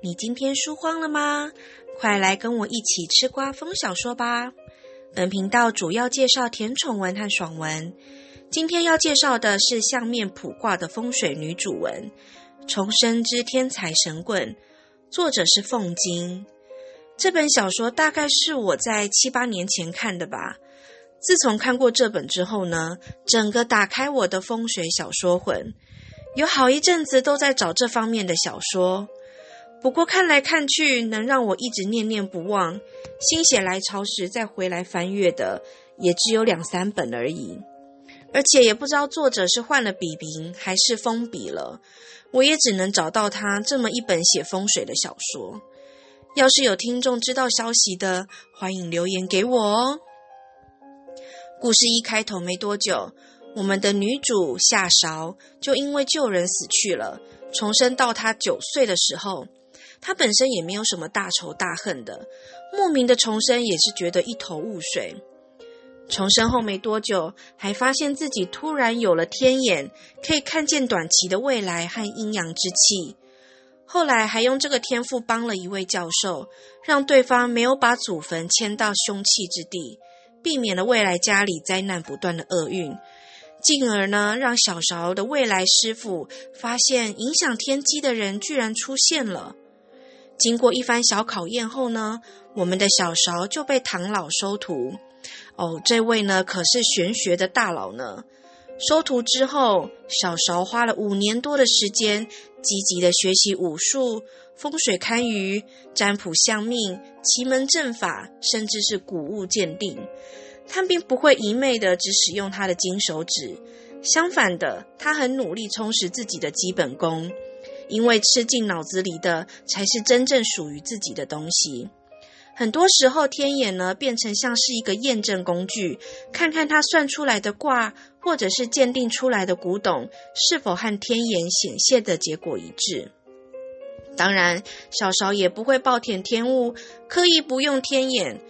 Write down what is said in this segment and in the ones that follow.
你今天書荒了嗎？快來跟我一起吃瓜風小說吧！本頻道主要介紹甜寵文和爽文。今天要介紹的是相面卜卦的風水女主文《重生之天才神棍》，作者是鳳金。這本小說大概是我在七八年前看的吧。自從看過這本之後呢，整個打開我的風水小說魂，有好一陣子都在找這方面的小說。不過看來看去，能讓我一直念念不忘、心血來潮時再回來翻閱的，也只有兩三本而已。而且也不知道作者是換了筆名還是封筆了，我也只能找到他這麼一本寫風水的小說。要是有聽眾知道消息的，歡迎留言給我哦。故事一開頭沒多久，我們的女主夏韶就因為救人死去了，重生到她九歲的時候。他本身也沒有什麼大仇大恨的，莫名的重生也是覺得一頭霧水。重生後沒多久，還發現自己突然有了天眼，可以看見短期的未來和陰陽之氣。後來還用這個天賦幫了一位教授，讓對方沒有把祖墳遷到凶氣之地，避免了未來家裡災難不斷的厄運。進而呢，讓小勺的未來師傅發現影響天機的人居然出現了。經過一番小考驗後呢，我們的小勺就被唐老收徒。哦，這位呢可是玄學的大佬呢。收徒之後，小勺花了五年多的時間，積極的學習武術、風水堪輿、占卜相命、奇門陣法，甚至是古物鑑定。他並不會一昧的只使用他的金手指，相反的，他很努力充實自己的基本功。因為吃進腦子裡的才是真正屬於自己的東西，很多時候天眼呢變成像是一個驗證工具，看看他算出來的卦或者是鑑定出來的古董是否和天眼顯現的結果一致。當然，小勺也不會暴殄天物，刻意不用天眼，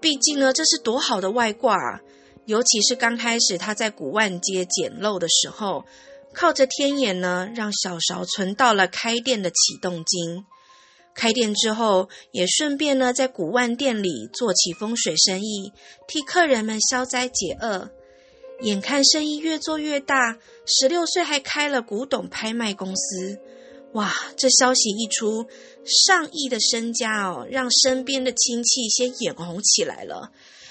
畢竟呢這是多好的外掛啊！尤其是剛開始他在古玩街撿漏的時候。靠着天眼呢，讓小勺存到了開店的啟動金。開店之後，也順便呢在古玩店裡做起風水生意，替客人們消災解厄。眼看生意越做越大，十六歲還開了古董拍賣公司。哇，這消息一出，上億的身家哦，讓身邊的親戚先眼紅起來了。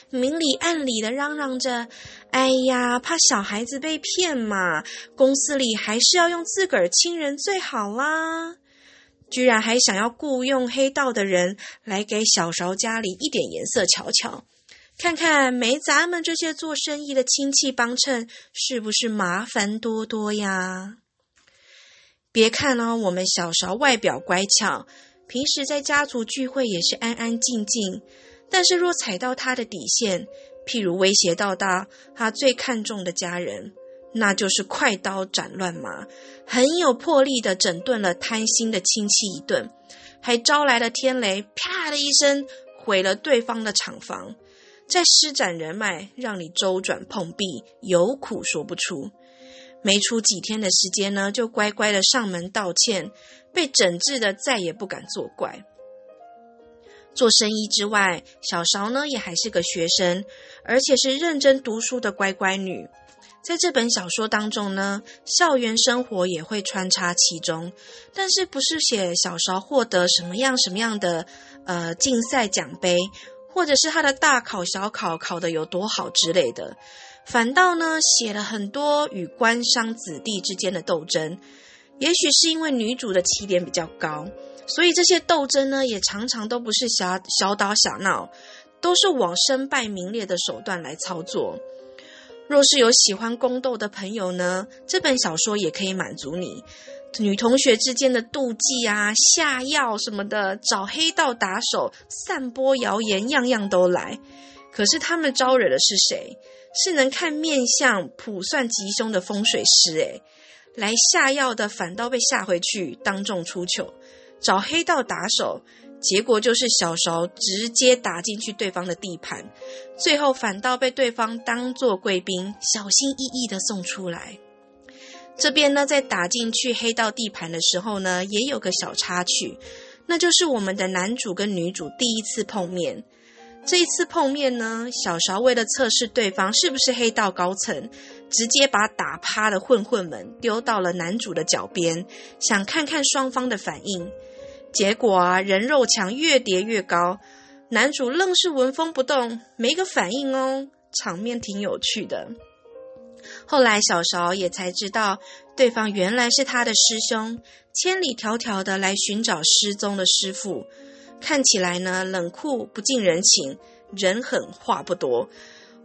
明裡暗裡的嚷嚷着：“哎呀，怕小孩子被騙嘛！公司裡還是要用自個兒親人最好啦！”居然還想要雇傭黑道的人來給小勺家裡一點顏色瞧瞧，看看沒咱們這些做生意的親戚幫襯，是不是麻煩多多呀？別看哦，我們小勺外表乖巧，平時在家族聚會也是安安靜靜。但是若踩到他的底線，譬如威脅到他他最看重的家人，那就是快刀斬亂麻，很有魄力的整頓了貪心的親戚一頓，還招來了天雷，啪的一聲毀了對方的廠房。再施展人脈，讓你周轉碰壁，有苦說不出。沒出幾天的時間呢，就乖乖的上門道歉，被整治的再也不敢作怪。做生意之外，小勺呢也還是個學生，而且是認真讀書的乖乖女。在這本小說當中呢，校園生活也會穿插其中，但是不是寫小勺獲得什麼樣什麼樣的呃競賽獎杯，或者是她的大考小考考得有多好之類的，反倒呢寫了很多與官商子弟之間的鬥爭。也許是因為女主的起點比較高。所以這些鬥爭呢，也常常都不是小小打小鬧，都是往身敗名裂的手段來操作。若是有喜歡宮鬥的朋友呢，這本小說也可以滿足你。女同學之間的妒忌啊，下藥什麼的，找黑道打手，散播謠言，樣樣都來。可是他們招惹的是誰？是能看面相、卜算吉凶的風水師誒，欸，來下藥的反倒被嚇回去，當眾出糗。找黑道打手，結果就是小勺直接打進去對方的地盤，最後反倒被對方當做貴賓，小心翼翼的送出來。這邊呢，在打進去黑道地盤的時候呢，也有個小插曲，那就是我們的男主跟女主第一次碰面。這一次碰面呢，小勺為了測試對方是不是黑道高層，直接把打趴的混混們丟到了男主的腳邊，想看看雙方的反應。結果啊，人肉牆越疊越高，男主愣是紋風不動，沒個反應哦，場面挺有趣的。後來小勺也才知道，對方原來是他的師兄，千里迢迢的來尋找失蹤的師傅。看起來呢，冷酷不近人情，人狠話不多，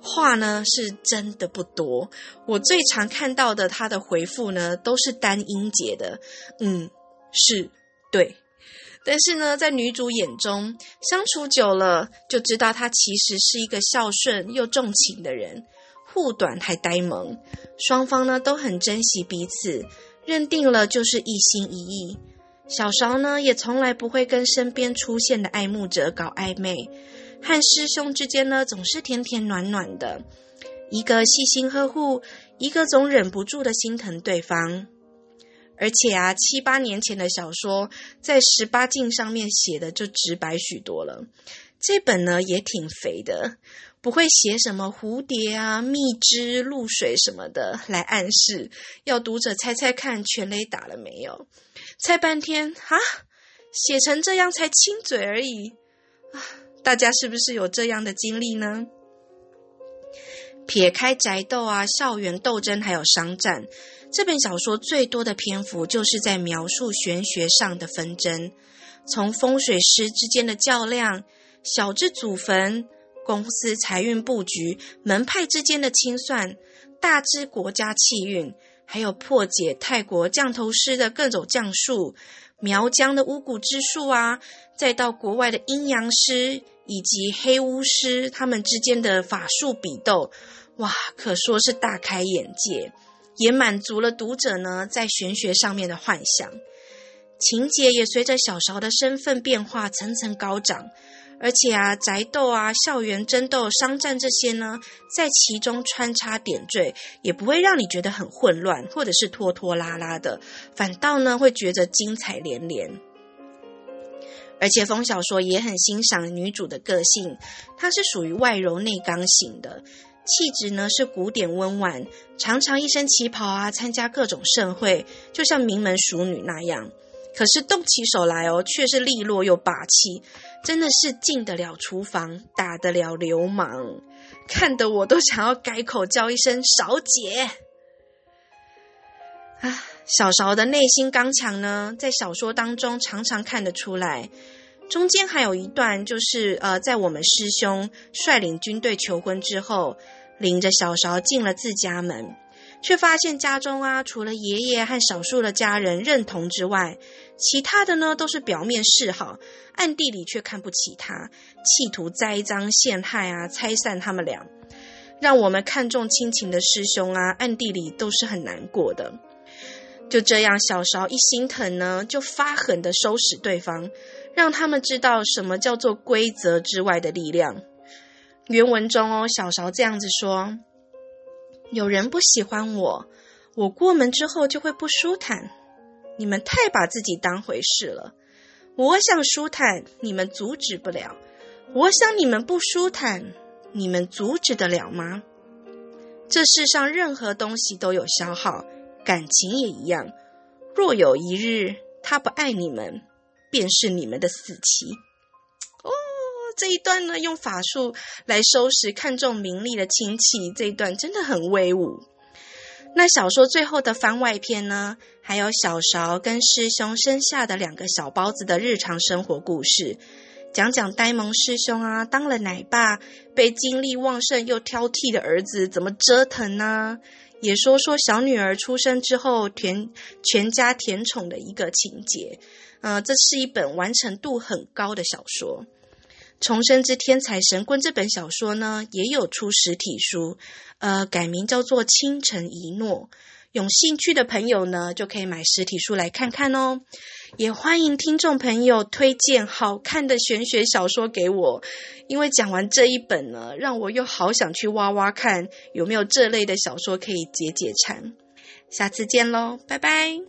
話呢是真的不多。我最常看到的他的回復呢，都是單音節的。嗯，是，對。但是呢，在女主眼中，相處久了就知道他其實是一個孝順又重情的人，護短還呆萌。雙方呢都很珍惜彼此，認定了就是一心一意。小勺呢也從來不會跟身邊出現的愛慕者搞曖昧，和師兄之間呢總是甜甜暖暖的。一個細心呵護，一個總忍不住的心疼對方。而且啊，七八年前的小說，在十八禁上面寫的就直白許多了。這本呢也挺肥的，不會寫什麼蝴蝶啊、蜜汁露水什麼的來暗示，要讀者猜猜看全壘打了沒有？猜半天啊，寫成這樣才親嘴而已啊！大家是不是有這樣的經歷呢？撇開宅鬥啊、校園鬥爭，還有商戰，這本小說最多的篇幅就是在描述玄學上的紛爭，從風水師之間的較量，小至祖墳、公司財運布局、門派之間的清算，大至國家氣運，還有破解泰國降頭師的各種降術、苗疆的巫蠱之術啊，再到國外的陰陽師。以及黑巫師他們之間的法術比鬥，哇，可說是大開眼界，也滿足了讀者呢，在玄學上面的幻想。情節也隨着小勺的身份變化層層高漲，而且啊，宅鬥啊、校園爭鬥、商戰這些呢，在其中穿插點綴，也不會讓你覺得很混亂或者是拖拖拉拉的，反倒呢，會覺得精彩連連。而且馮小說也很欣賞女主的個性，她是屬於外柔內剛型的，氣質呢是古典溫婉，常常一身旗袍啊，參加各種盛會，就像名門淑女那樣。可是動起手來哦，卻是利落又霸氣，真的是進得了廚房，打得了流氓，看得我都想要改口叫一聲嫂姐啊。小勺的內心剛強呢，在小說當中常常看得出來。中間還有一段，就是呃，在我們師兄率領軍隊求婚之後，領着小勺進了自家門，卻發現家中啊，除了爺爺和少數的家人認同之外，其他的呢都是表面示好，暗地裡卻看不起他，企圖栽贓陷害啊，拆散他們倆。讓我們看重親情的師兄啊，暗地裡都是很難過的。就這樣，小勺一心疼呢，就發狠的收拾對方，讓他們知道什麼叫做規則之外的力量。原文中哦，小勺這樣子說：“有人不喜歡我，我過門之後就會不舒坦。你們太把自己當回事了。我想舒坦，你們阻止不了；我想你們不舒坦，你們阻止得了嗎？這世上任何東西都有消耗。”感情也一樣，若有一日他不愛你們，便是你們的死期。哦，這一段呢，用法術來收拾看重名利的親戚，這一段真的很威武。那小說最後的番外篇呢，還有小勺跟師兄生下的兩個小包子的日常生活故事。講講呆萌師兄啊，當了奶爸被精力旺盛又挑剔的兒子怎麼折騰呢、啊？也說說小女兒出生之後甜全家甜寵的一個情節。嗯、呃，這是一本完成度很高的小說，《重生之天才神棍》這本小說呢也有出實體書，呃，改名叫做《傾城一諾》，有興趣的朋友呢就可以買實體書來看看哦。也歡迎聽眾朋友推薦好看的玄學小說給我，因為講完這一本呢，讓我又好想去挖挖看，有沒有這類的小說可以解解饞。下次見嘍，拜拜。